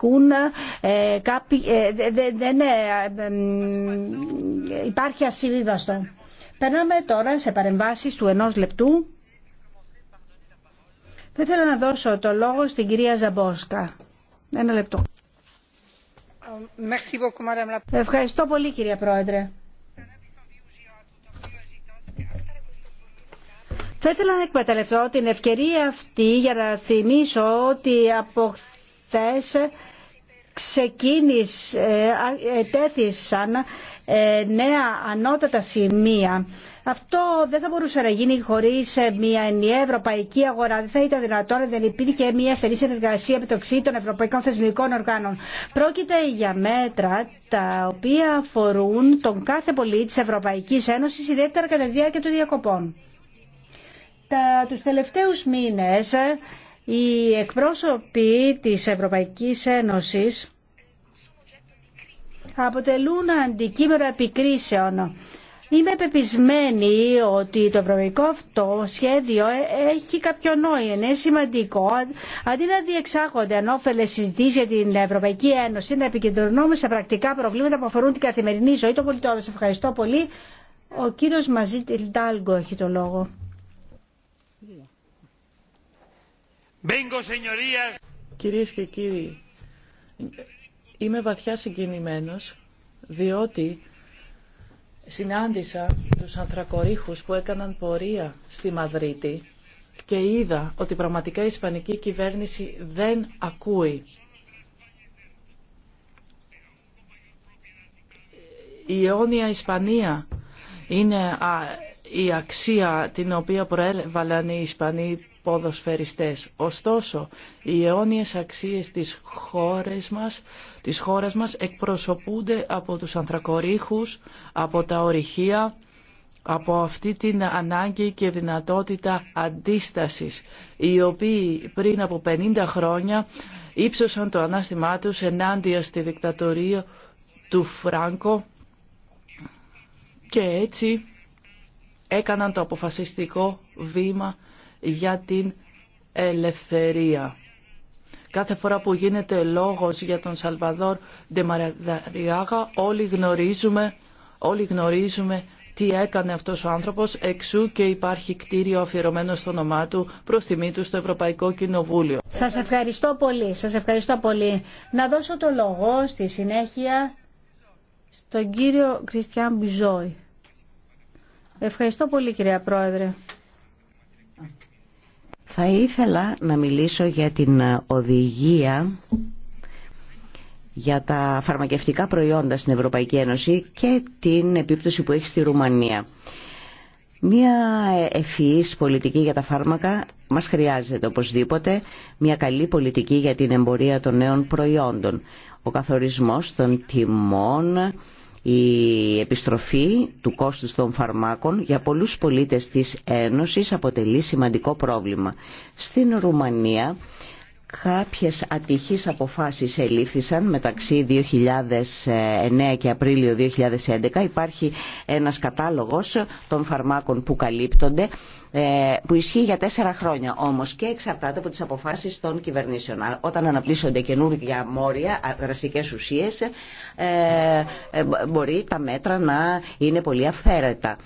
ασκούν ε, κάποιοι, ε, δεν ναι, ε, υπάρχει ασυμβίβαστο. Περνάμε τώρα σε παρεμβάσεις του ενός λεπτού. Θα ήθελα να δώσω το λόγο στην κυρία Ζαμπόσκα. Ένα λεπτό. Ευχαριστώ πολύ κυρία Πρόεδρε. Θα ήθελα να εκμεταλλευτώ την ευκαιρία αυτή για να θυμίσω ότι από χθες ξεκίνησε, ε, ετέθησαν ε, νέα ανώτατα σημεία. Αυτό δεν θα μπορούσε να γίνει χωρί ε, μια ενιαία ευρωπαϊκή αγορά. Δεν θα ήταν δυνατόν δεν υπήρχε μια στενή συνεργασία μεταξύ των ευρωπαϊκών θεσμικών οργάνων. Πρόκειται για μέτρα τα οποία αφορούν τον κάθε πολίτη τη Ευρωπαϊκή Ένωση, ιδιαίτερα κατά τη διάρκεια των διακοπών. Τα, τους τελευταίους οι εκπρόσωποι της Ευρωπαϊκής Ένωσης αποτελούν αντικείμενα επικρίσεων. Είμαι πεπισμένη ότι το ευρωπαϊκό αυτό σχέδιο ε, έχει κάποιο νόημα. Είναι σημαντικό αντί να διεξάγονται ανώφελε συζητήσει για την Ευρωπαϊκή Ένωση να επικεντρωνόμαστε σε πρακτικά προβλήματα που αφορούν την καθημερινή ζωή των πολιτών. Σα ευχαριστώ πολύ. Ο κύριο Μαζίτ Ιλτάλγκο έχει το λόγο. Κυρίες και κύριοι, είμαι βαθιά συγκινημένος διότι συνάντησα τους ανθρακορίχους που έκαναν πορεία στη Μαδρίτη και είδα ότι πραγματικά η Ισπανική κυβέρνηση δεν ακούει. Η αιώνια Ισπανία είναι η αξία την οποία προέβαλαν οι Ισπανοί ποδοσφαιριστές. Ωστόσο, οι αιώνιες αξίες της χώρας μας, της χώρας μας εκπροσωπούνται από τους ανθρακορίχους, από τα ορυχεία, από αυτή την ανάγκη και δυνατότητα αντίστασης, οι οποίοι πριν από 50 χρόνια ύψωσαν το ανάστημά τους ενάντια στη δικτατορία του Φράνκο και έτσι έκαναν το αποφασιστικό βήμα για την ελευθερία. Κάθε φορά που γίνεται λόγος για τον Σαλβαδόρ Ντεμαραδαριάγα όλοι γνωρίζουμε, όλοι γνωρίζουμε τι έκανε αυτός ο άνθρωπος, εξού και υπάρχει κτίριο αφιερωμένο στο όνομά του προς τιμή του στο Ευρωπαϊκό Κοινοβούλιο. Σας ευχαριστώ πολύ, σας ευχαριστώ πολύ. Να δώσω το λόγο στη συνέχεια στον κύριο Κριστιαν Μπιζόη. Ευχαριστώ πολύ κυρία Πρόεδρε. Θα ήθελα να μιλήσω για την οδηγία για τα φαρμακευτικά προϊόντα στην Ευρωπαϊκή Ένωση και την επίπτωση που έχει στη Ρουμανία. Μία ευφυής πολιτική για τα φάρμακα μας χρειάζεται οπωσδήποτε, μια καλή πολιτική για την εμπορία των νέων προϊόντων, ο καθορισμός των τιμών, η επιστροφή του κόστους των φαρμάκων για πολλούς πολίτες της Ένωσης αποτελεί σημαντικό πρόβλημα. Στην Ρουμανία Κάποιες ατυχείς αποφάσεις ελήφθησαν μεταξύ 2009 και Απρίλιο 2011. Υπάρχει ένας κατάλογος των φαρμάκων που καλύπτονται ε, που ισχύει για τέσσερα χρόνια όμως και εξαρτάται από τις αποφάσεις των κυβερνήσεων. Όταν αναπτύσσονται καινούργια μόρια, δραστικέ ουσίες, ε, ε, μπορεί τα μέτρα να είναι πολύ αυθαίρετα.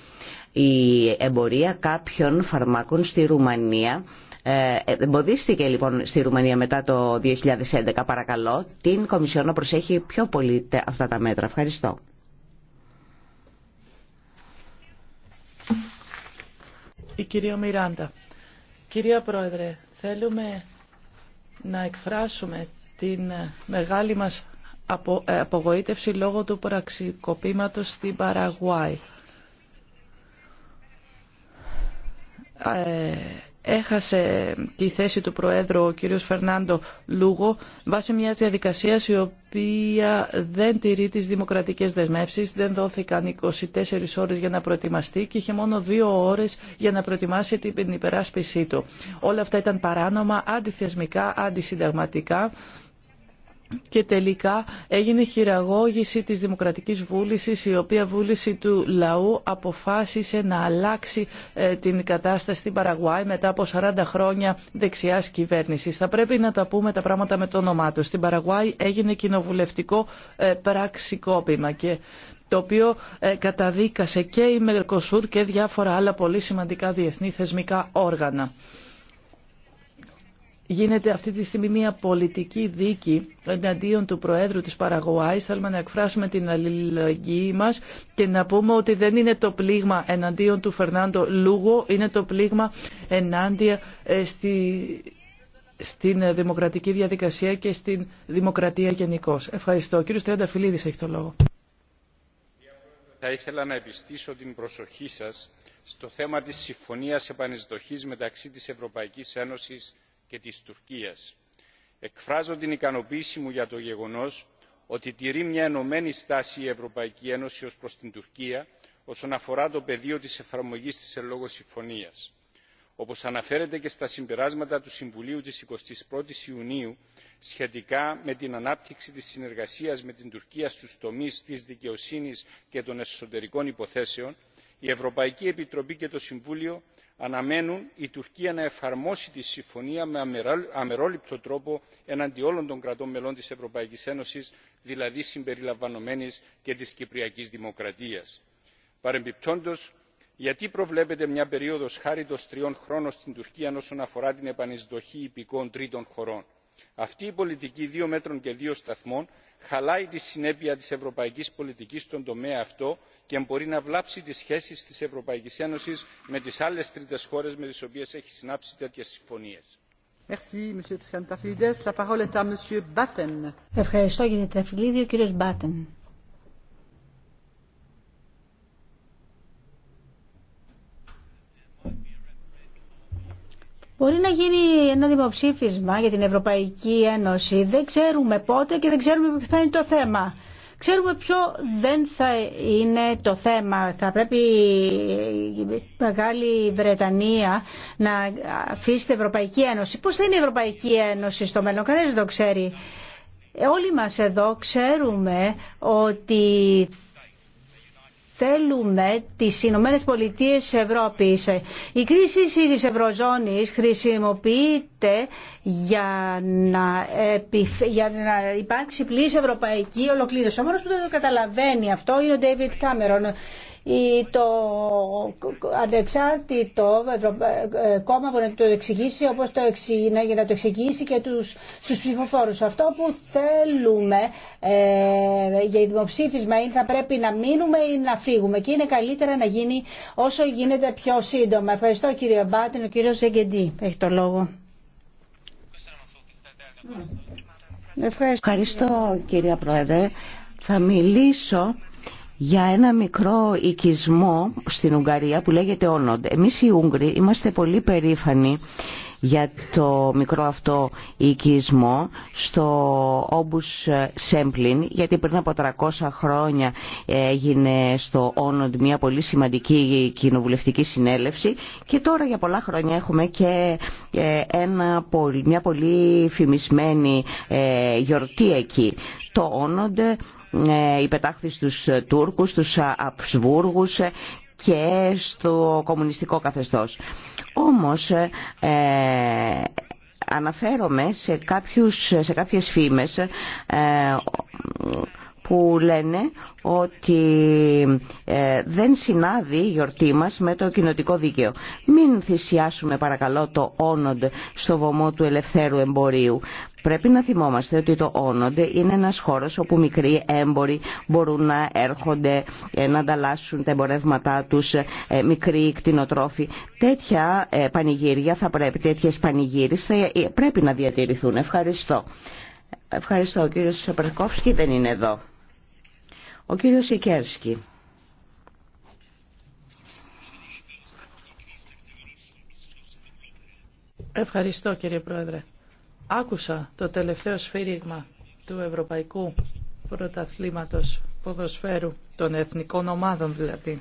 Η εμπορία κάποιων φαρμάκων στη Ρουμανία ε, εμποδίστηκε λοιπόν στη Ρουμανία μετά το 2011 παρακαλώ την Κομισιόν να προσέχει πιο πολύ αυτά τα μέτρα. Ευχαριστώ. Η κυρία Μιράντα. Κυρία Πρόεδρε, θέλουμε να εκφράσουμε την μεγάλη μας ε, απογοήτευση λόγω του πραξικοπήματος στην Παραγουάη. Ε, έχασε τη θέση του Προέδρου ο κύριος Φερνάντο Λούγο βάσει μιας διαδικασίας η οποία δεν τηρεί τις δημοκρατικές δεσμεύσεις, δεν δόθηκαν 24 ώρες για να προετοιμαστεί και είχε μόνο δύο ώρες για να προετοιμάσει την υπεράσπιση του. Όλα αυτά ήταν παράνομα, αντιθεσμικά, αντισυνταγματικά και τελικά έγινε χειραγώγηση της Δημοκρατικής Βούλησης η οποία βούληση του λαού αποφάσισε να αλλάξει ε, την κατάσταση στην Παραγουάη μετά από 40 χρόνια δεξιάς κυβέρνησης. Θα πρέπει να τα πούμε τα πράγματα με το όνομά του. Στην Παραγουάη έγινε κοινοβουλευτικό ε, πραξικόπημα και το οποίο ε, καταδίκασε και η Μερκοσούρ και διάφορα άλλα πολύ σημαντικά διεθνή θεσμικά όργανα γίνεται αυτή τη στιγμή μια πολιτική δίκη εναντίον του Προέδρου της Παραγουάης. Θέλουμε να εκφράσουμε την αλληλεγγύη μας και να πούμε ότι δεν είναι το πλήγμα εναντίον του Φερνάντο Λούγο, είναι το πλήγμα ενάντια ε, στη, στην δημοκρατική διαδικασία και στην δημοκρατία γενικώ. Ευχαριστώ. Ο κύριος Φιλίδης έχει το λόγο. Θα ήθελα να επιστήσω την προσοχή σας στο θέμα της συμφωνίας επανεισδοχής μεταξύ της Ευρωπαϊκής Ένωσης και της Τουρκίας. Εκφράζω την ικανοποίησή μου για το γεγονός ότι τηρεί μια ενωμένη στάση η Ευρωπαϊκή Ένωση ως προς την Τουρκία όσον αφορά το πεδίο της εφαρμογής της ελόγω συμφωνίας. Όπως αναφέρεται και στα συμπεράσματα του Συμβουλίου της 21ης Ιουνίου σχετικά με την ανάπτυξη της συνεργασίας με την Τουρκία στους τομείς της δικαιοσύνης και των εσωτερικών υποθέσεων, η ευρωπαϊκή επιτροπή και το συμβούλιο αναμένουν η τουρκία να εφαρμόσει τη συμφωνία με αμερόληπτο τρόπο εναντί όλων των κρατών μελών της ευρωπαϊκής ένωσης δηλαδή συμπεριλαμβανομένης και της κυπριακής δημοκρατίας. παρεμπιπτόντως γιατί προβλέπεται μια περίοδος χάριτος τριών χρόνων στην τουρκία όσον αφορά την επανεισδοχή υπηκών τρίτων χωρών αυτή η πολιτική δύο μέτρων και δύο σταθμών χαλάει τη συνέπεια της ευρωπαϊκής πολιτικής στον τομέα αυτό και μπορεί να βλάψει τις σχέσεις της ευρωπαϊκής ένωσης με τις άλλες τρίτες χώρες με τις οποίες έχει συνάψει τέτοιες συμφωνίες. Μπορεί να γίνει ένα δημοψήφισμα για την Ευρωπαϊκή Ένωση. Δεν ξέρουμε πότε και δεν ξέρουμε ποιο θα είναι το θέμα. Ξέρουμε ποιο δεν θα είναι το θέμα. Θα πρέπει η Μεγάλη Βρετανία να αφήσει την Ευρωπαϊκή Ένωση. Πώς θα είναι η Ευρωπαϊκή Ένωση στο μέλλον, κανένας δεν το ξέρει. Όλοι μας εδώ ξέρουμε ότι θέλουμε τις Ηνωμένε Πολιτείε της Η κρίση τη Ευρωζώνη χρησιμοποιείται για να, για να υπάρξει πλήρη ευρωπαϊκή ολοκλήρωση. Ο μόνο που δεν το καταλαβαίνει αυτό είναι ο Ντέιβιτ κάμερον ή το ανεξάρτητο ε, κόμμα μπορεί να το εξηγήσει όπως το για να το εξηγήσει και τους, στους ψηφοφόρους. Αυτό που θέλουμε ε, για δημοψήφισμα είναι θα πρέπει να μείνουμε ή να φύγουμε και είναι καλύτερα να γίνει όσο γίνεται πιο σύντομα. Ευχαριστώ κύριε Μπάτιν, ο κύριος Ζεγκεντή έχει το λόγο. Ευχαριστώ, Ευχαριστώ κύριε Πρόεδρε. Θα μιλήσω για ένα μικρό οικισμό στην Ουγγαρία που λέγεται Όνοντ. Εμείς οι Ούγγροι είμαστε πολύ περήφανοι για το μικρό αυτό οικισμό στο Όμπους Σέμπλιν γιατί πριν από 300 χρόνια έγινε στο Όνοντ μια πολύ σημαντική κοινοβουλευτική συνέλευση και τώρα για πολλά χρόνια έχουμε και ε, ένα, μια πολύ φημισμένη ε, γιορτή εκεί. Το Όνοντ ε, υπετάχθη στους ε, Τούρκους, στους ε, Αψβούργους και στο κομμουνιστικό καθεστώς. Όμως αναφέρομαι σε, κάποιους, σε κάποιες φήμες που λένε ότι δεν συνάδει η γιορτή μας με το κοινοτικό δίκαιο. Μην θυσιάσουμε παρακαλώ το όνοντ στο βωμό του ελευθέρου εμπορίου. Πρέπει να θυμόμαστε ότι το Όνοντε είναι ένας χώρος όπου μικροί έμποροι μπορούν να έρχονται ε, να ανταλλάσσουν τα εμπορεύματά τους, ε, μικροί κτηνοτρόφοι. Τέτοια ε, πανηγύρια θα πρέπει, τέτοιες πανηγύρις θα πρέπει να διατηρηθούν. Ευχαριστώ. Ευχαριστώ. Ο κύριος Σαπερκόφσκι δεν είναι εδώ. Ο κύριος Σικέρσκι. Ευχαριστώ κύριε Πρόεδρε. Άκουσα το τελευταίο σφύριγμα του Ευρωπαϊκού Πρωταθλήματος Ποδοσφαίρου, των εθνικών ομάδων δηλαδή.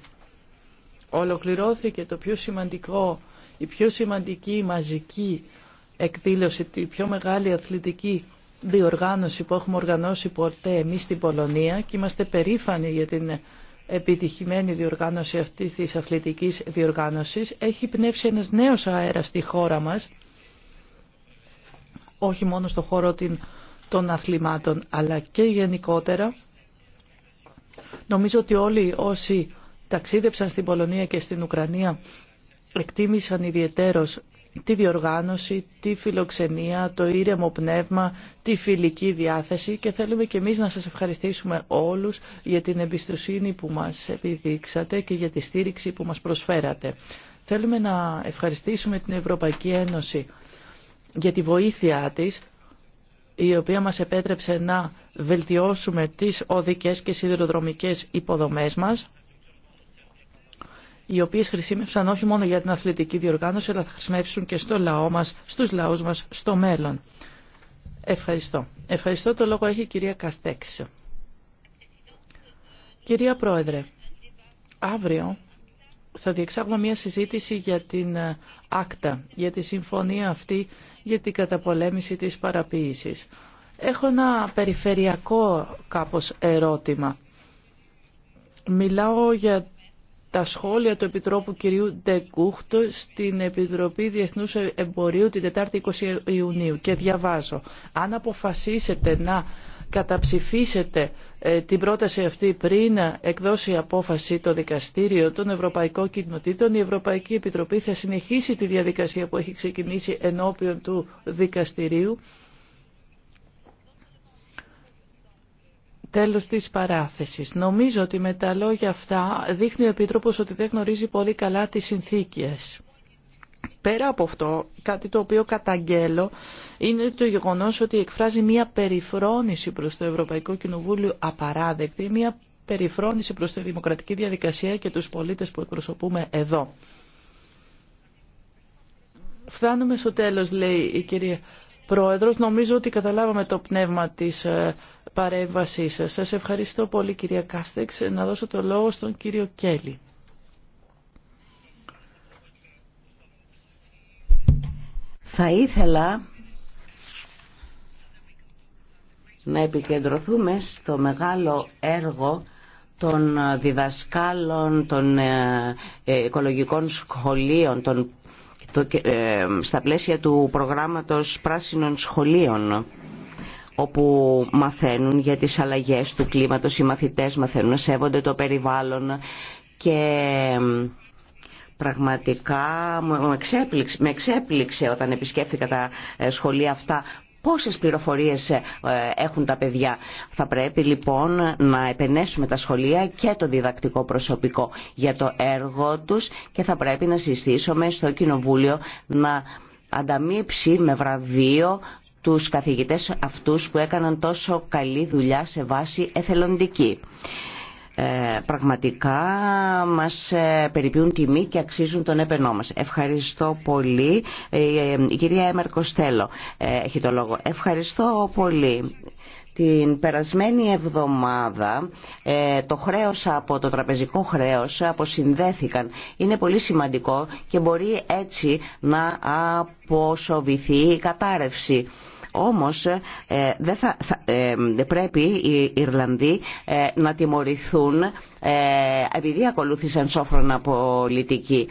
Ολοκληρώθηκε το πιο σημαντικό, η πιο σημαντική μαζική εκδήλωση, η πιο μεγάλη αθλητική διοργάνωση που έχουμε οργανώσει ποτέ εμείς στην Πολωνία και είμαστε περήφανοι για την επιτυχημένη διοργάνωση αυτής της αθλητικής διοργάνωσης. Έχει πνεύσει ένας νέος αέρας στη χώρα μας όχι μόνο στο χώρο των αθλημάτων, αλλά και γενικότερα. Νομίζω ότι όλοι όσοι ταξίδεψαν στην Πολωνία και στην Ουκρανία εκτίμησαν ιδιαιτέρως τη διοργάνωση, τη φιλοξενία, το ήρεμο πνεύμα, τη φιλική διάθεση και θέλουμε και εμείς να σας ευχαριστήσουμε όλους για την εμπιστοσύνη που μας επιδείξατε και για τη στήριξη που μας προσφέρατε. Θέλουμε να ευχαριστήσουμε την Ευρωπαϊκή Ένωση για τη βοήθειά της η οποία μας επέτρεψε να βελτιώσουμε τις οδικές και σιδηροδρομικές υποδομές μας οι οποίες χρησιμεύσαν όχι μόνο για την αθλητική διοργάνωση αλλά θα χρησιμεύσουν και στο λαό μας, στους λαούς μας, στο μέλλον. Ευχαριστώ. Ευχαριστώ. Το λόγο έχει η κυρία Καστέξ. Κυρία Πρόεδρε, αύριο θα διεξάγουμε μια συζήτηση για την ΑΚΤΑ, ε, για τη συμφωνία αυτή για την καταπολέμηση της παραποίησης. Έχω ένα περιφερειακό κάπως ερώτημα. Μιλάω για τα σχόλια του Επιτρόπου κυρίου Ντεκούχτου στην Επιτροπή Διεθνούς Εμπορίου την 4η 20 Ιουνίου και διαβάζω. Αν αποφασίσετε να καταψηφίσετε ε, την πρόταση αυτή πριν εκδώσει απόφαση το Δικαστήριο των Ευρωπαϊκών Κοινοτήτων, η Ευρωπαϊκή Επιτροπή θα συνεχίσει τη διαδικασία που έχει ξεκινήσει ενώπιον του Δικαστηρίου. τέλος της παράθεσης. Νομίζω ότι με τα λόγια αυτά δείχνει ο Επίτροπος ότι δεν γνωρίζει πολύ καλά τις συνθήκες. Πέρα από αυτό, κάτι το οποίο καταγγέλλω είναι το γεγονός ότι εκφράζει μια περιφρόνηση προς το Ευρωπαϊκό Κοινοβούλιο απαράδεκτη, μια περιφρόνηση προς τη δημοκρατική διαδικασία και τους πολίτες που εκπροσωπούμε εδώ. Φτάνουμε στο τέλος, λέει η κυρία Πρόεδρος. Νομίζω ότι καταλάβαμε το πνεύμα της ε, παρέμβασής σας. Σας ευχαριστώ πολύ, κυρία Κάστεξ. Να δώσω το λόγο στον κύριο Κέλλη. Θα ήθελα να επικεντρωθούμε στο μεγάλο έργο των διδασκάλων, των ε, ε, οικολογικών σχολείων, των, ε, στα πλαίσια του προγράμματος πράσινων σχολείων όπου μαθαίνουν για τις αλλαγές του κλίματος, οι μαθητές μαθαίνουν, σέβονται το περιβάλλον και Πραγματικά με εξέπληξε, με εξέπληξε όταν επισκέφθηκα τα ε, σχολεία αυτά Πόσες πληροφορίες ε, έχουν τα παιδιά. Θα πρέπει λοιπόν να επενέσουμε τα σχολεία και το διδακτικό προσωπικό για το έργο τους και θα πρέπει να συστήσουμε στο Κοινοβούλιο να ανταμείψει με βραβείο τους καθηγητές αυτούς που έκαναν τόσο καλή δουλειά σε βάση εθελοντική. Ε, πραγματικά μας ε, περιποιούν τιμή και αξίζουν τον έπαινό μας. Ευχαριστώ πολύ. Ε, η κυρία Έμερ Κοστέλο έχει το λόγο. Ευχαριστώ πολύ. Την περασμένη εβδομάδα το χρέος από το τραπεζικό χρέος αποσυνδέθηκαν. Είναι πολύ σημαντικό και μπορεί έτσι να αποσοβηθεί η κατάρρευση. Όμως ε, δεν ε, ε, πρέπει οι Ιρλανδοί να τιμωρηθούν επειδή ακολούθησαν σόφρονα πολιτική.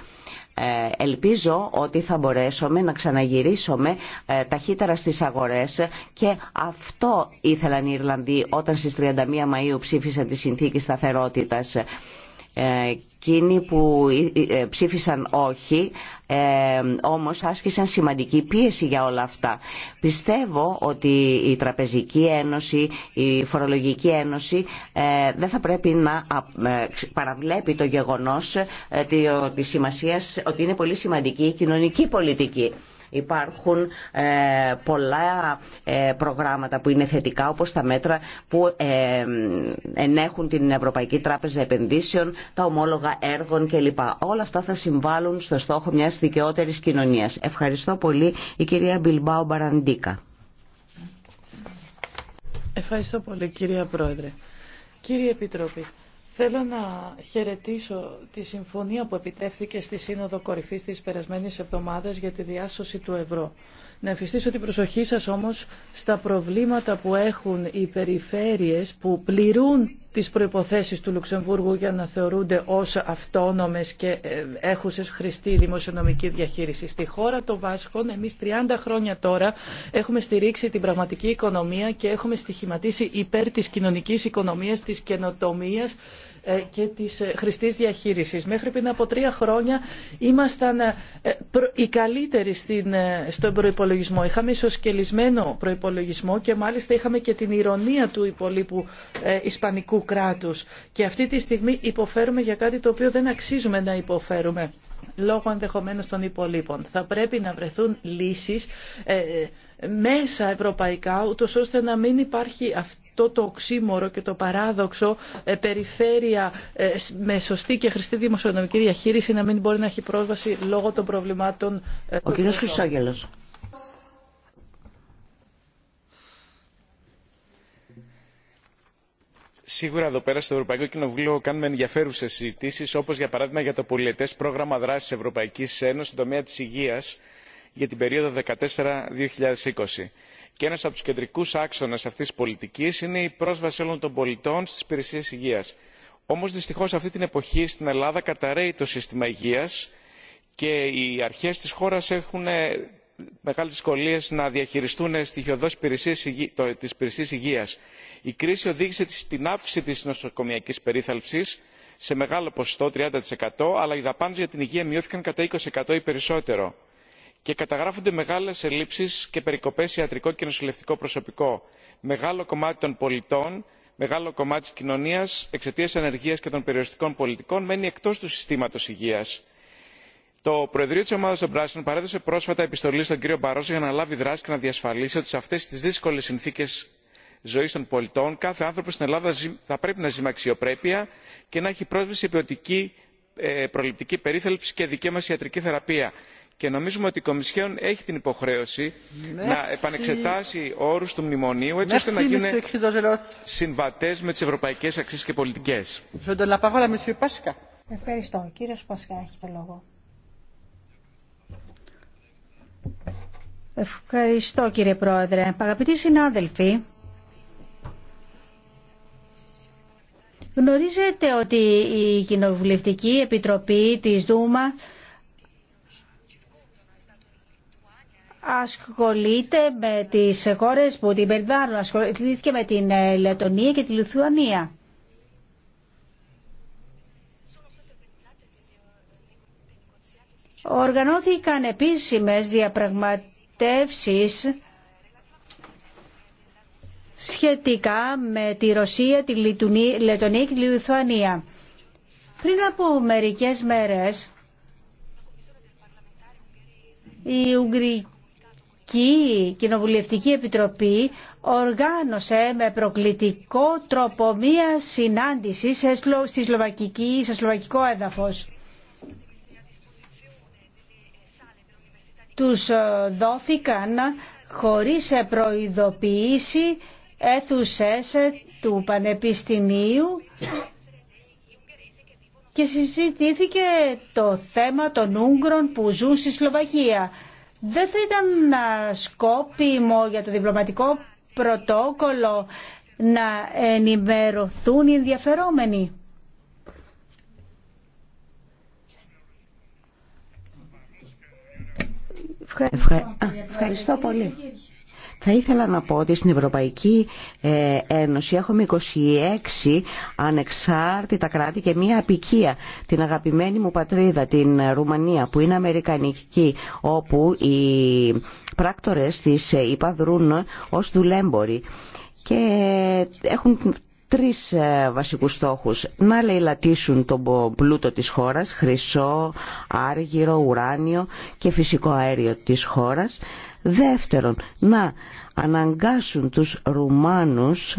Ελπίζω ότι θα μπορέσουμε να ξαναγυρίσουμε ταχύτερα στις αγορές και αυτό ήθελαν οι Ιρλανδοί όταν στις 31 Μαΐου ψήφισαν τη Συνθήκη Σταθερότητας. Ε, εκείνοι που ε, ε, ψήφισαν όχι, όμως άσκησαν σημαντική πίεση για όλα αυτά. Πιστεύω ότι η Τραπεζική Ένωση, η Φορολογική Ένωση δεν θα πρέπει να παραβλέπει το γεγονός σημασίας ότι είναι πολύ σημαντική η κοινωνική πολιτική. Υπάρχουν ε, πολλά ε, προγράμματα που είναι θετικά όπως τα μέτρα που ε, ενέχουν την Ευρωπαϊκή Τράπεζα Επενδύσεων, τα ομόλογα έργων κλπ. Όλα αυτά θα συμβάλλουν στο στόχο μιας δικαιότερης κοινωνίας. Ευχαριστώ πολύ η κυρία Μπιλμπάου Μπαραντίκα. Ευχαριστώ πολύ κυρία Πρόεδρε. Κύριε Επιτροπή, Θέλω να χαιρετήσω τη συμφωνία που επιτεύχθηκε στη Σύνοδο Κορυφή τη περασμένη εβδομάδα για τη διάσωση του ευρώ. Να εμφυστήσω την προσοχή σα όμω στα προβλήματα που έχουν οι περιφέρειες που πληρούν τις προϋποθέσεις του Λουξεμβούργου για να θεωρούνται ως αυτόνομες και ε, έχουσες χρηστή δημοσιονομική διαχείριση. Στη χώρα των Βάσκων εμείς 30 χρόνια τώρα έχουμε στηρίξει την πραγματική οικονομία και έχουμε στοιχηματίσει υπέρ της κοινωνικής οικονομίας, της καινοτομίας ε, και της ε, χρηστής διαχείρισης. Μέχρι πριν από τρία χρόνια ήμασταν ε, οι καλύτεροι στην, στον προϋπολογισμό. Είχαμε ισοσκελισμένο προϋπολογισμό και μάλιστα είχαμε και την ηρωνία του υπολείπου ισπανικού κράτους. Και αυτή τη στιγμή υποφέρουμε για κάτι το οποίο δεν αξίζουμε να υποφέρουμε λόγω ενδεχομένως των υπολείπων. Θα πρέπει να βρεθούν λύσεις μέσα ευρωπαϊκά, ούτως ώστε να μην υπάρχει αυτή αυτό το οξύμορο και το παράδοξο ε, περιφέρεια ε, με σωστή και χρηστή δημοσιονομική διαχείριση να μην μπορεί να έχει πρόσβαση λόγω των προβλημάτων. Ε, Ο κύριος Χρυσόγελος. σίγουρα εδώ πέρα στο ευρωπαϊκό κοινοβούλιο κάνουμε ενδιαφέρουσε συζητήσει όπω για παράδειγμα για το πολιτέ πρόγραμμα δράση ευρωπαϊκή ένωση στον τομέα τη υγεία για την περιοδο 14 2014-2020 και ένα από του κεντρικού άξονε αυτή τη πολιτική είναι η πρόσβαση όλων των πολιτών στι υπηρεσίε υγεία. όμω δυστυχώ αυτή την εποχή στην ελλάδα καταραίει το σύστημα υγεία και οι αρχέ τη χώρα έχουν ε, μεγάλε δυσκολίε να διαχειριστούν στοιχειωδώ τι υπηρεσίε υγεία. η κρίση οδήγησε στην αύξηση τη νοσοκομιακή περίθαλψη σε μεγάλο ποσοστό 30% αλλά οι δαπάνε για την υγεία μειώθηκαν κατά 20% ή περισσότερο και καταγράφονται μεγάλες ελλείψεις και περικοπές σε ιατρικό και νοσηλευτικό προσωπικό μεγάλο κομμάτι των πολιτών μεγάλο κομμάτι της κοινωνίας εξαιτίας ανεργίας και των περιοριστικών πολιτικών μένει εκτός του συστήματος υγείας. το προεδρείο της ομάδας των πράσινων παρέδωσε πρόσφατα επιστολή στον κύριο μπαρόζο για να λάβει δράση και να διασφαλίσει ότι σε αυτές τις δύσκολες συνθήκες ζωής των πολιτών κάθε άνθρωπος στην ελλάδα θα πρέπει να ζει με αξιοπρέπεια και να έχει πρόσβαση σε ποιοτική ε, προληπτική περίθαλψη και δικαίωμα σε ιατρική θεραπεία και νομίζουμε ότι η Κομισιόν έχει την υποχρέωση να επανεξετάσει όρου του μνημονίου έτσι ώστε να γίνει συμβατέ με τι ευρωπαϊκέ αξίε και πολιτικέ. Ευχαριστώ. έχει το λόγο. Ευχαριστώ κύριε Πρόεδρε. Αγαπητοί συνάδελφοι, γνωρίζετε ότι η Κοινοβουλευτική Επιτροπή της Δούμα ασχολείται με τις χώρες που την περιβάλλουν. Ασχολήθηκε με την ε, Λετωνία και τη Λιθουανία. Οργανώθηκαν επίσημες διαπραγματεύσεις σχετικά με τη Ρωσία, τη Λετωνία και τη Λιθουανία. Πριν από μερικές μέρες η Ουγγρική η Κοινοβουλευτική Επιτροπή οργάνωσε με προκλητικό τρόπο μία συνάντηση στη Σλοβακική, στο σλοβακικό έδαφος. Τους ε, δόθηκαν χωρίς προειδοποίηση αίθουσες του Πανεπιστημίου και συζητήθηκε το θέμα των Ούγγρων που ζουν στη Σλοβακία. Δεν θα ήταν ε, σκόπιμο για το διπλωματικό πρωτόκολλο να ενημερωθούν οι ενδιαφερόμενοι. Ευχαριστώ πολύ. Θα ήθελα να πω ότι στην Ευρωπαϊκή ε, Ένωση έχουμε 26 ανεξάρτητα κράτη και μία απικία. Την αγαπημένη μου πατρίδα, την Ρουμανία, που είναι αμερικανική, όπου οι πράκτορες της υπαδρούν ε, δρούν ως δουλέμποροι και έχουν τρεις ε, βασικούς στόχους. Να λαιλατίσουν τον πλούτο της χώρας, χρυσό, άργυρο, ουράνιο και φυσικό αέριο της χώρας. Δεύτερον, να αναγκάσουν τους Ρουμάνους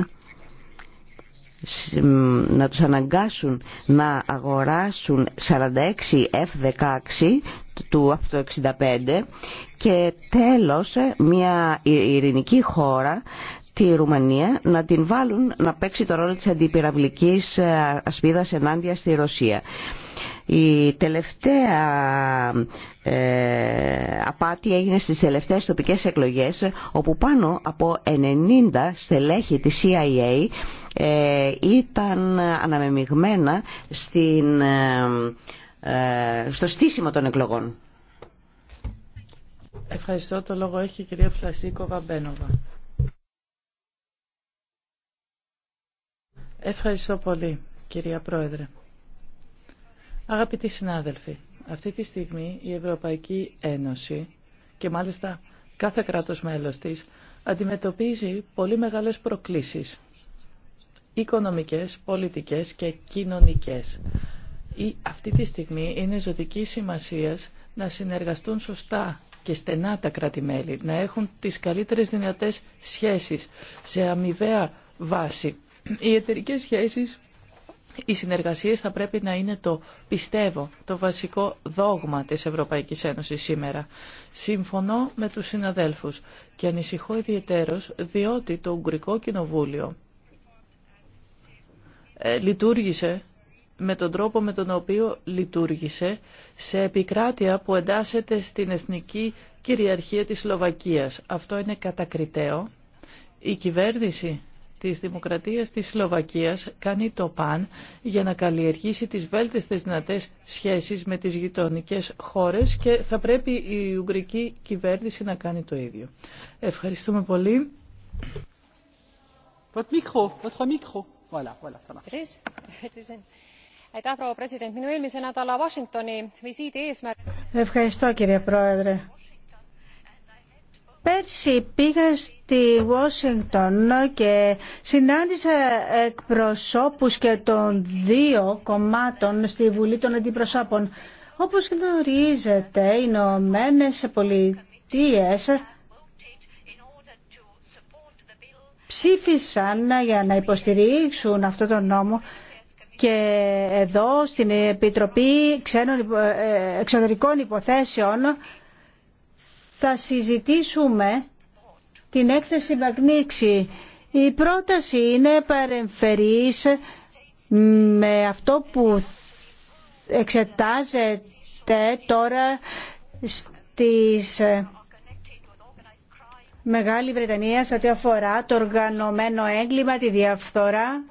να τους αναγκάσουν να αγοράσουν 46 F-16 του από το 65 και τέλος μια ειρηνική χώρα τη Ρουμανία να την βάλουν να παίξει το ρόλο της αντιπυραυλικής ε, ασπίδας ενάντια στη Ρωσία. Η τελευταία ε, απάτη έγινε στις τελευταίες τοπικές εκλογές όπου πάνω από 90 στελέχη της CIA ε, ήταν αναμεμειγμένα στην, ε, στο στήσιμο των εκλογών. Ευχαριστώ. Το λόγο έχει η κυρία Φλασίκοβα Μπένοβα. Ευχαριστώ πολύ, κυρία Πρόεδρε. Αγαπητοί συνάδελφοι, αυτή τη στιγμή η Ευρωπαϊκή Ένωση και μάλιστα κάθε κράτος μέλος της αντιμετωπίζει πολύ μεγάλες προκλήσεις οικονομικές, πολιτικές και κοινωνικές. Η, αυτή τη στιγμή είναι ζωτική σημασία να συνεργαστούν σωστά και στενά τα κράτη-μέλη, να έχουν τις καλύτερες δυνατές σχέσεις σε αμοιβαία βάση. Οι εταιρικές σχέσεις οι συνεργασίες θα πρέπει να είναι το, πιστεύω, το βασικό δόγμα της Ευρωπαϊκής Ένωσης σήμερα. Συμφωνώ με τους συναδέλφους και ανησυχώ ιδιαιτέρως διότι το Ουγγρικό Κοινοβούλιο ε, λειτουργήσε με τον τρόπο με τον οποίο λειτουργήσε σε επικράτεια που εντάσσεται στην εθνική κυριαρχία της Σλοβακίας. Αυτό είναι κατακριτέο. Η κυβέρνηση της Δημοκρατίας της Σλοβακίας κάνει το παν για να καλλιεργήσει τις βέλτιστες δυνατές σχέσεις με τις γειτονικές χώρες και θα πρέπει η Ουγγρική κυβέρνηση να κάνει το ίδιο. Ευχαριστούμε πολύ. Ευχαριστώ κύριε Πρόεδρε. Πέρσι πήγα στη Washington και συνάντησα εκπροσώπους και των δύο κομμάτων στη Βουλή των Αντιπροσώπων. Όπως γνωρίζετε, οι Ηνωμένε Πολιτείε ψήφισαν για να υποστηρίξουν αυτό τον νόμο και εδώ στην Επιτροπή Ξένων ε, Εξωτερικών Υποθέσεων θα συζητήσουμε την έκθεση Μαγνίξη. Η πρόταση είναι παρεμφερής με αυτό που εξετάζεται τώρα στις ε, Μεγάλη Βρετανία σε ό,τι αφορά το οργανωμένο έγκλημα, τη διαφθορά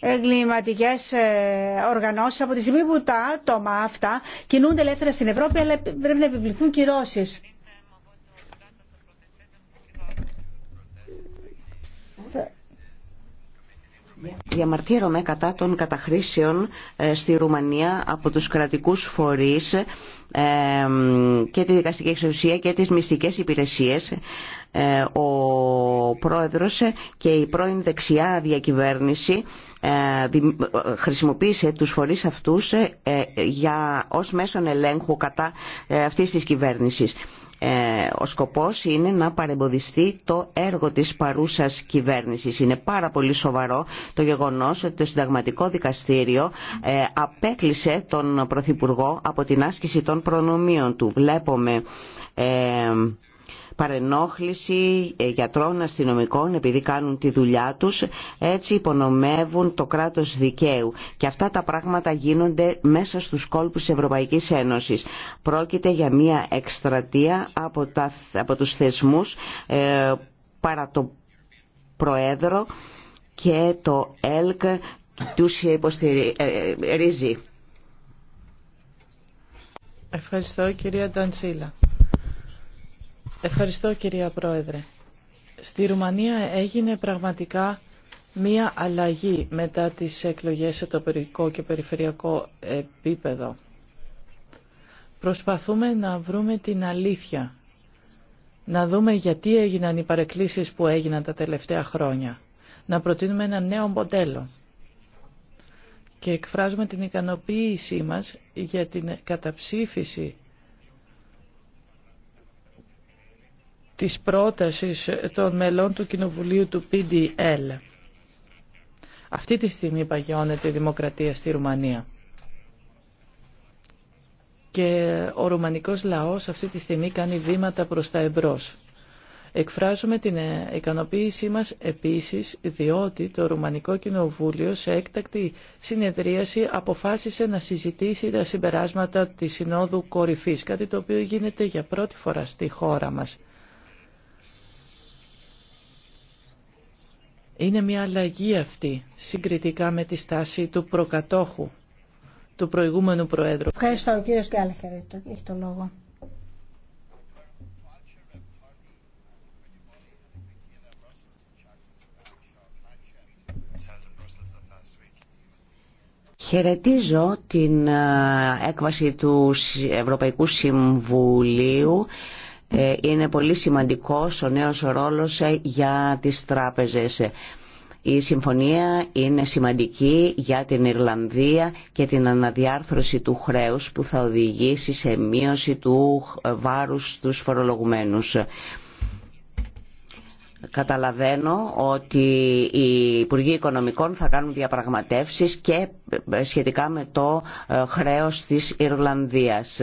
εγκληματικές ε, οργανώσεις από τη στιγμή που τα άτομα αυτά κινούνται ελεύθερα στην Ευρώπη αλλά πρέπει να επιβληθούν κυρώσεις. Διαμαρτύρομαι κατά των καταχρήσεων ε, στη Ρουμανία από τους κρατικούς φορείς ε, και τη δικαστική εξουσία και τις μυστικές υπηρεσίες. Ε, ο πρόεδρος και η πρώην δεξιά διακυβέρνηση χρησιμοποίησε τους φορείς αυτούς για, ως μέσον ελέγχου κατά αυτής της κυβέρνησης. Ε, ο σκοπός είναι να παρεμποδιστεί το έργο της παρούσας κυβέρνησης. Είναι πάρα πολύ σοβαρό το γεγονός ότι το Συνταγματικό Δικαστήριο ε, απέκλεισε τον Πρωθυπουργό από την άσκηση των προνομίων του. Βλέπουμε ε, παρενόχληση ε, γιατρών αστυνομικών επειδή κάνουν τη δουλειά τους έτσι υπονομεύουν το κράτος δικαίου και αυτά τα πράγματα γίνονται μέσα στους κόλπους της Ευρωπαϊκής Ένωσης. Πρόκειται για μια εκστρατεία από, τα, από τους θεσμούς ε, παρά το Προέδρο και το ΕΛΚ τους υποστηρίζει. Ε, Ευχαριστώ κυρία Ντανσίλα. Ευχαριστώ κυρία Πρόεδρε. Στη Ρουμανία έγινε πραγματικά μία αλλαγή μετά τις εκλογές σε τοπικό και περιφερειακό επίπεδο. Προσπαθούμε να βρούμε την αλήθεια, να δούμε γιατί έγιναν οι παρεκκλήσεις που έγιναν τα τελευταία χρόνια, να προτείνουμε ένα νέο μοντέλο και εκφράζουμε την ικανοποίησή μας για την καταψήφιση της πρότασης των μελών του Κοινοβουλίου του PDL. Αυτή τη στιγμή παγιώνεται η δημοκρατία στη Ρουμανία. Και ο ρουμανικός λαός αυτή τη στιγμή κάνει βήματα προς τα εμπρός. Εκφράζουμε την ικανοποίησή μας επίσης διότι το Ρουμανικό Κοινοβούλιο σε έκτακτη συνεδρίαση αποφάσισε να συζητήσει τα συμπεράσματα της Συνόδου Κορυφής, κάτι το οποίο γίνεται για πρώτη φορά στη χώρα μας. Είναι μια αλλαγή αυτή συγκριτικά με τη στάση του προκατόχου του προηγούμενου Προέδρου. Ευχαριστώ. Ο κύριος Γκάλεχερ έχει το λόγο. Χαιρετίζω την ε, έκβαση του Ευρωπαϊκού Συμβουλίου ε, είναι πολύ σημαντικός ο νέος ρόλος ε, για τις τράπεζες. Η συμφωνία είναι σημαντική για την Ιρλανδία και την αναδιάρθρωση του χρέους που θα οδηγήσει σε μείωση του ε, βάρους στους φορολογουμένους. Καταλαβαίνω ότι οι Υπουργοί Οικονομικών θα κάνουν διαπραγματεύσεις και σχετικά με το χρέος της Ιρλανδίας.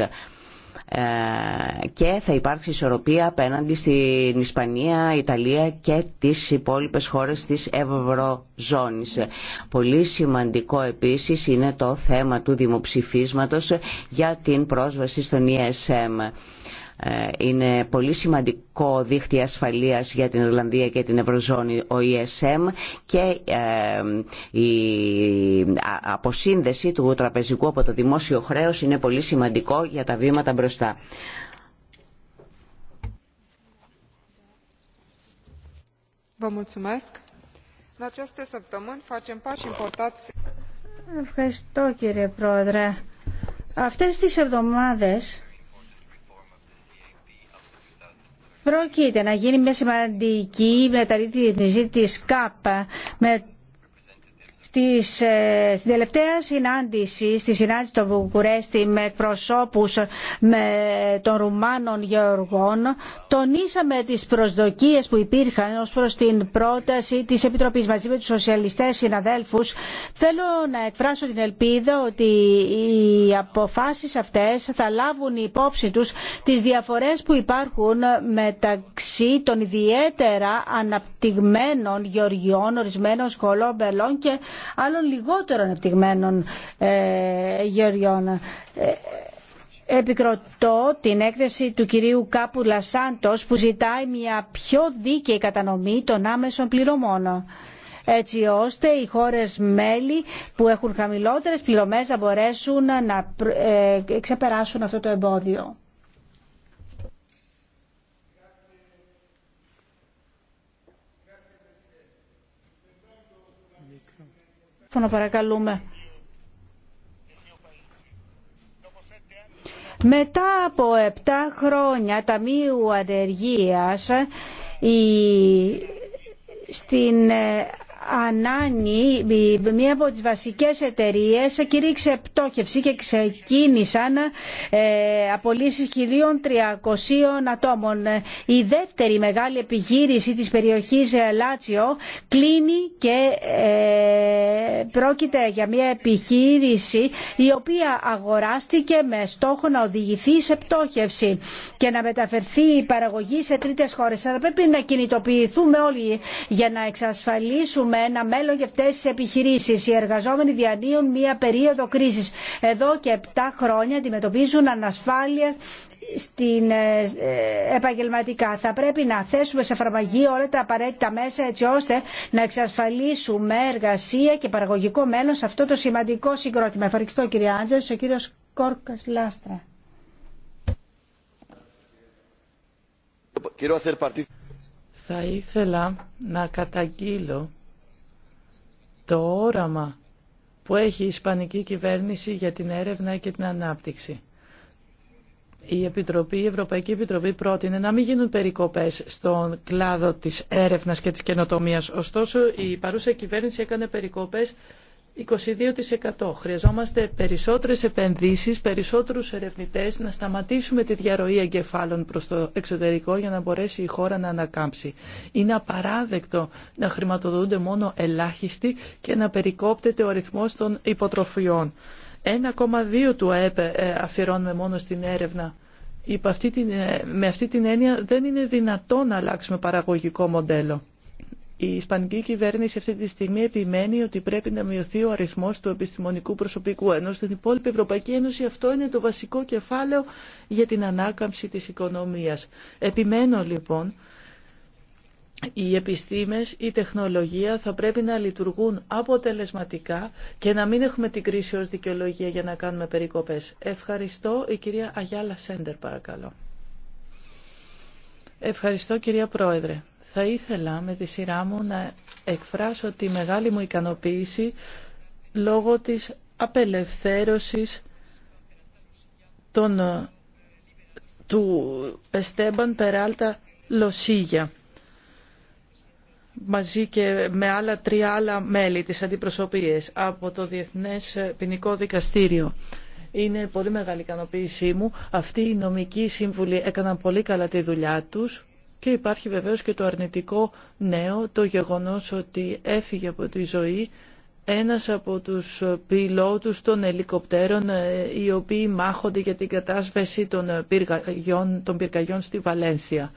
Ε, και θα υπάρξει ισορροπία απέναντι στην Ισπανία, Ιταλία και τις υπόλοιπες χώρες της Ευρωζώνης. Πολύ σημαντικό επίσης είναι το θέμα του δημοψηφίσματος για την πρόσβαση στον ESM. Ε ε, είναι πολύ σημαντικό δίχτυ ασφαλείας για την Ιρλανδία και την Ευρωζώνη, ο ESM και ε, η αποσύνδεση του τραπεζικού από το δημόσιο χρέος είναι πολύ σημαντικό για τα βήματα μπροστά. Ευχαριστώ κύριε Πρόεδρε. Αυτές τις εβδομάδες Πρόκειται να γίνει μια σημαντική μεταρρύθμιση της ΚΑΠ με στις, ε, στην τελευταία συνάντηση, στη συνάντηση του Βουκουρέστι με προσώπους με των Ρουμάνων Γεωργών, τονίσαμε τις προσδοκίες που υπήρχαν ως προς την πρόταση της Επιτροπής μαζί με τους σοσιαλιστές συναδέλφους. Θέλω να εκφράσω την ελπίδα ότι οι αποφάσεις αυτές θα λάβουν υπόψη τους τις διαφορές που υπάρχουν μεταξύ των ιδιαίτερα αναπτυγμένων γεωργιών ορισμένων σχολών μπελών και άλλων λιγότερο ανεπτυγμένων ε, γεωργιών. Ε, επικροτώ την έκθεση του κυρίου κάπου Σάντος που ζητάει μια πιο δίκαιη κατανομή των άμεσων πληρωμών έτσι ώστε οι χώρες μέλη που έχουν χαμηλότερες πληρωμές να μπορέσουν να ε, ξεπεράσουν αυτό το εμπόδιο. παρακαλούμε. Μετά από 7 χρόνια ταμείου ανεργίας η... στην ε, Ανάνη, μία από τις βασικές εταιρείες, κηρύξε πτώχευση και ξεκίνησαν ε, απολύσεις 1.300 ατόμων. Ε, η δεύτερη μεγάλη επιχείρηση της περιοχής ε, Λάτσιο κλείνει και ε, πρόκειται για μία επιχείρηση η οποία αγοράστηκε με στόχο να οδηγηθεί σε πτώχευση και να μεταφερθεί η παραγωγή σε τρίτες χώρες. Θα πρέπει να κινητοποιηθούμε όλοι για να εξασφαλίσουμε ένα μέλλον για αυτές τι επιχειρήσεις. Οι εργαζόμενοι διανύουν μία περίοδο κρίσης. Εδώ και 7 χρόνια αντιμετωπίζουν ανασφάλεια στην ε, ε, επαγγελματικά. Θα πρέπει να θέσουμε σε φαρμαγή όλα τα απαραίτητα μέσα έτσι ώστε να εξασφαλίσουμε εργασία και παραγωγικό μέλλον σε αυτό το σημαντικό συγκρότημα. Ευχαριστώ κύριε Άντζερ, ο κύριος Κόρκας Λάστρα. Θα ήθελα να καταγγείλω το όραμα που έχει η Ισπανική κυβέρνηση για την έρευνα και την ανάπτυξη. Η, Επιτροπή, η Ευρωπαϊκή Επιτροπή πρότεινε να μην γίνουν περικοπές στον κλάδο της έρευνας και της καινοτομίας. Ωστόσο, η παρούσα κυβέρνηση έκανε περικοπές 22%. Χρειαζόμαστε περισσότερες επενδύσεις, περισσότερους ερευνητές, να σταματήσουμε τη διαρροή εγκεφάλων προς το εξωτερικό για να μπορέσει η χώρα να ανακάμψει. Είναι απαράδεκτο να χρηματοδοτούνται μόνο ελάχιστοι και να περικόπτεται ο αριθμός των υποτροφιών. 1,2 του ΑΕΠ ε, αφιερώνουμε μόνο στην έρευνα. Ε, με αυτή την έννοια δεν είναι δυνατό να αλλάξουμε παραγωγικό μοντέλο. Η Ισπανική κυβέρνηση αυτή τη στιγμή επιμένει ότι πρέπει να μειωθεί ο αριθμό του επιστημονικού προσωπικού, ενώ στην υπόλοιπη Ευρωπαϊκή Ένωση αυτό είναι το βασικό κεφάλαιο για την ανάκαμψη τη οικονομία. Επιμένω λοιπόν οι επιστήμες, η τεχνολογία θα πρέπει να λειτουργούν αποτελεσματικά και να μην έχουμε την κρίση ως δικαιολογία για να κάνουμε περικοπές. Ευχαριστώ. Η κυρία Αγιάλα Σέντερ παρακαλώ. Ευχαριστώ κυρία Πρόεδρε. Θα ήθελα με τη σειρά μου να εκφράσω τη μεγάλη μου ικανοποίηση λόγω της απελευθέρωσης των, του Εστέμπαν Περάλτα Λοσίγια μαζί και με άλλα τρία άλλα μέλη της αντιπροσωπείας από το Διεθνές Ποινικό Δικαστήριο. Είναι πολύ μεγάλη ικανοποίησή μου. Αυτοί οι νομικοί σύμβουλοι έκαναν πολύ καλά τη δουλειά τους και υπάρχει βεβαίως και το αρνητικό νέο, το γεγονός ότι έφυγε από τη ζωή ένας από τους πιλότους των ελικοπτέρων ε, οι οποίοι μάχονται για την κατάσβεση των ε, πυρκαγιών, των πυρκαγιών στη Βαλένθια.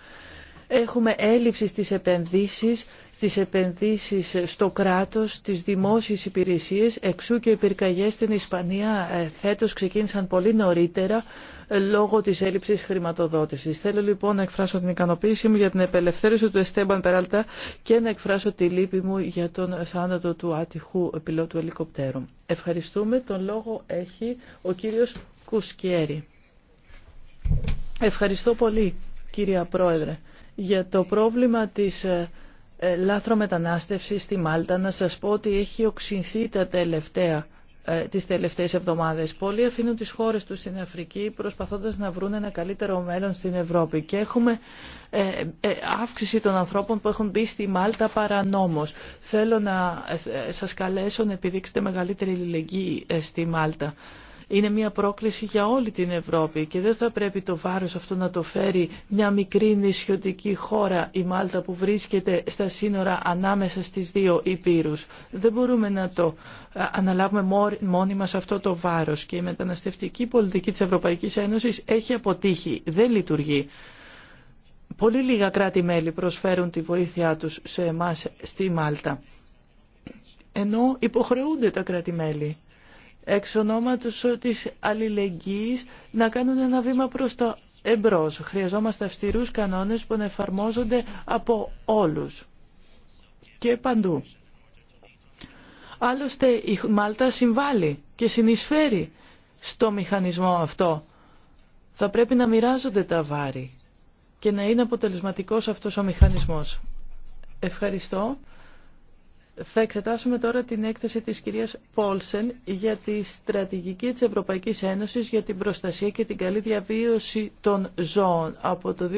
Έχουμε έλλειψη στις επενδύσεις, στις επενδύσεις στο κράτος, στις δημόσιες υπηρεσίες, εξού και οι πυρκαγιές στην Ισπανία ε, φέτος ξεκίνησαν πολύ νωρίτερα, λόγω της έλλειψης χρηματοδότησης. Θέλω λοιπόν να εκφράσω την ικανοποίησή μου για την απελευθέρωση του Εστέμπαν Περάλτα και να εκφράσω τη λύπη μου για τον θάνατο του άτυχου πιλότου ελικοπτέρου. Ευχαριστούμε. Τον λόγο έχει ο κύριος Κουσκιέρη. Ευχαριστώ πολύ κυρία Πρόεδρε για το πρόβλημα της ε, ε, λάθρο στη Μάλτα να σας πω ότι έχει οξυνθεί τα τελευταία ε, τις τελευταίες εβδομάδες. Πολλοί αφήνουν τις χώρες τους στην Αφρική προσπαθώντας να βρουν ένα καλύτερο μέλλον στην Ευρώπη και έχουμε ε, ε, αύξηση των ανθρώπων που έχουν μπει στη Μάλτα παρανόμως. Θέλω να σας καλέσω να επιδείξετε μεγαλύτερη λυλεγγύη στη Μάλτα είναι μια πρόκληση για όλη την Ευρώπη και δεν θα πρέπει το βάρος αυτό να το φέρει μια μικρή νησιωτική χώρα η Μάλτα που βρίσκεται στα σύνορα ανάμεσα στις δύο Υπήρους. Δεν μπορούμε να το ε, αναλάβουμε μόνοι μας αυτό το βάρος και η μεταναστευτική πολιτική της Ευρωπαϊκής Ένωσης έχει αποτύχει, δεν λειτουργεί. Πολύ λίγα κράτη-μέλη προσφέρουν τη βοήθειά τους σε εμάς στη Μάλτα. Ενώ υποχρεούνται τα κράτη-μέλη εξ ονόματος της αλληλεγγύης να κάνουν ένα βήμα προς το εμπρός. Χρειαζόμαστε αυστηρούς κανόνες που να εφαρμόζονται από όλους και παντού. Άλλωστε η Μάλτα συμβάλλει και συνεισφέρει στο μηχανισμό αυτό. Θα πρέπει να μοιράζονται τα βάρη και να είναι αποτελεσματικός αυτός ο μηχανισμός. Ευχαριστώ. Θα εξετάσουμε τώρα την έκθεση της κυρίας Πόλσεν για τη στρατηγική της Ευρωπαϊκής Ένωσης για την προστασία και την καλή διαβίωση των ζώων από το